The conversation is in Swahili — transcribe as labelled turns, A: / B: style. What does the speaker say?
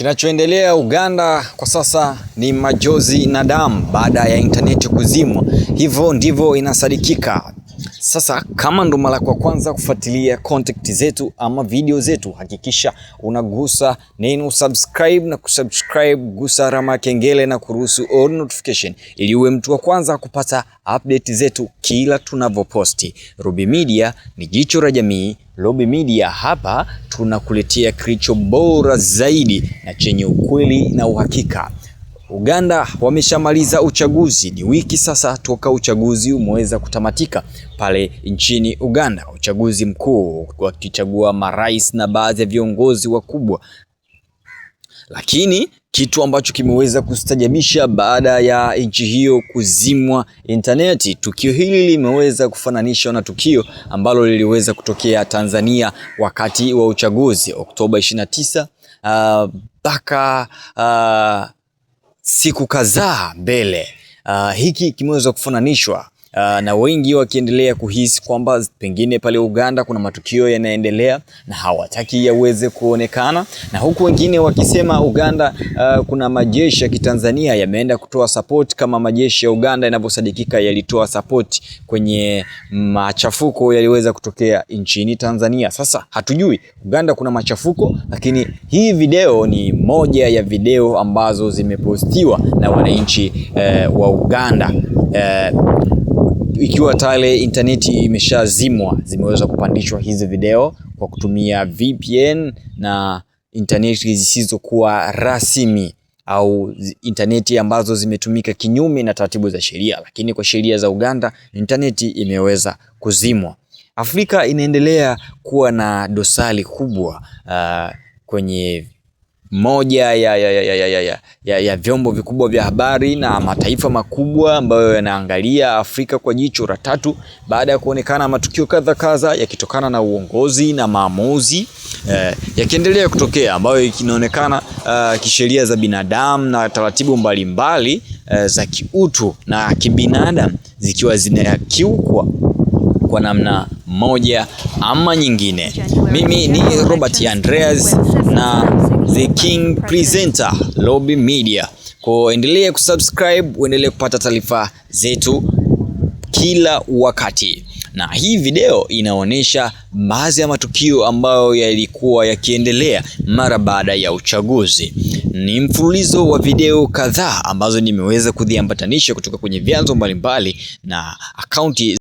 A: Kinachoendelea Uganda kwa sasa ni majozi na damu baada ya intaneti kuzimwa, hivyo ndivyo inasadikika. Sasa kama ndo mara kwa kwanza kufuatilia content zetu ama video zetu, hakikisha unagusa neno subscribe na kusubscribe, gusa alama kengele na kuruhusu all notification, ili uwe mtu wa kwanza kupata update zetu kila tunavyoposti. Roby Media ni jicho la jamii. Roby Media hapa tunakuletea kilicho bora zaidi na chenye ukweli na uhakika. Uganda wameshamaliza uchaguzi, ni wiki sasa toka uchaguzi umeweza kutamatika pale nchini Uganda, uchaguzi mkuu wakichagua marais na baadhi ya viongozi wakubwa lakini kitu ambacho kimeweza kustajabisha baada ya nchi hiyo kuzimwa intaneti. Tukio hili limeweza kufananishwa na tukio ambalo liliweza kutokea Tanzania wakati wa uchaguzi Oktoba 29 uh, mpaka uh, uh, siku kadhaa mbele. Uh, hiki kimeweza kufananishwa Uh, na wengi wakiendelea kuhisi kwamba pengine pale Uganda kuna matukio yanaendelea na hawataki yaweze kuonekana, na huku wengine wakisema Uganda, uh, kuna majeshi ya kitanzania yameenda kutoa support kama majeshi ya Uganda yanavyosadikika yalitoa support kwenye machafuko yaliweza kutokea nchini Tanzania. Sasa hatujui Uganda kuna machafuko, lakini hii video ni moja ya video ambazo zimepostiwa na wananchi uh, wa Uganda uh, ikiwa tale intaneti imeshazimwa, zimeweza kupandishwa hizi video kwa kutumia VPN na intaneti zisizokuwa rasmi au intaneti ambazo zimetumika kinyume na taratibu za sheria, lakini kwa sheria za Uganda intaneti imeweza kuzimwa. Afrika inaendelea kuwa na dosari kubwa uh, kwenye moja ya, ya, ya, ya, ya, ya, ya vyombo vikubwa vya habari na mataifa makubwa ambayo yanaangalia Afrika kwa jicho la tatu baada ya kuonekana matukio kadha kadha yakitokana na uongozi na maamuzi eh, yakiendelea kutokea ambayo inaonekana uh, eh, kisheria za binadamu na taratibu mbalimbali uh, za kiutu na kibinadamu zikiwa zinakiukwa kwa namna moja ama nyingine. Mimi ni Robert Andreas na The King Presenter Lobby Media. Kwa kusubscribe, uendelee kupata taarifa zetu kila wakati. Na hii video inaonyesha baadhi ya matukio ambayo yalikuwa yakiendelea mara baada ya uchaguzi. Ni mfululizo wa video kadhaa ambazo nimeweza kudhiambatanisha kutoka kwenye vyanzo mbalimbali na akaunti